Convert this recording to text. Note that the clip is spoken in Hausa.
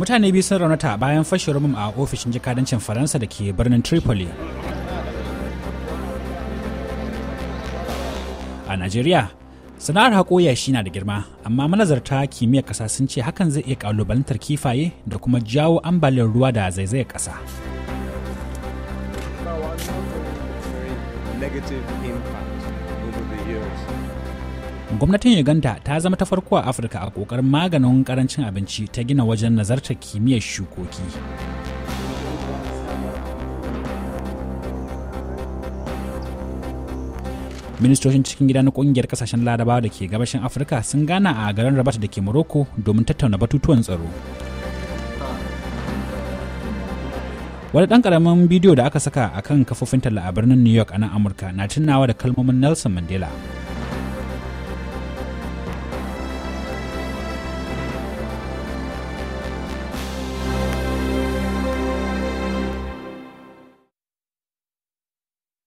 mutane biyu sun raunata bayan fashewar bam a ofishin jikadancin faransa da ke birnin tripoli a najeriya sana'ar haƙo yashi na da girma amma manazarta kimiyyar ƙasa sun ce hakan zai iya ƙalubalantar kifaye da kuma jawo ambaliyar ruwa da zaizayar ƙasa negative impact gwamnatin uganda ta zama ta farko a afirka a kokarin maganin karancin abinci ta gina wajen nazartar kimiyyar shukoki ministocin cikin gida na kungiyar kasashen larabawa da ke gabashin afirka sun gana a garin rabat da ke morocco domin tattauna batutuwan tsaro wani ɗan ƙaramin bidiyo da aka saka a kan kafofin talla a birnin new york a nan amurka na tunawa da kalmomin nelson mandela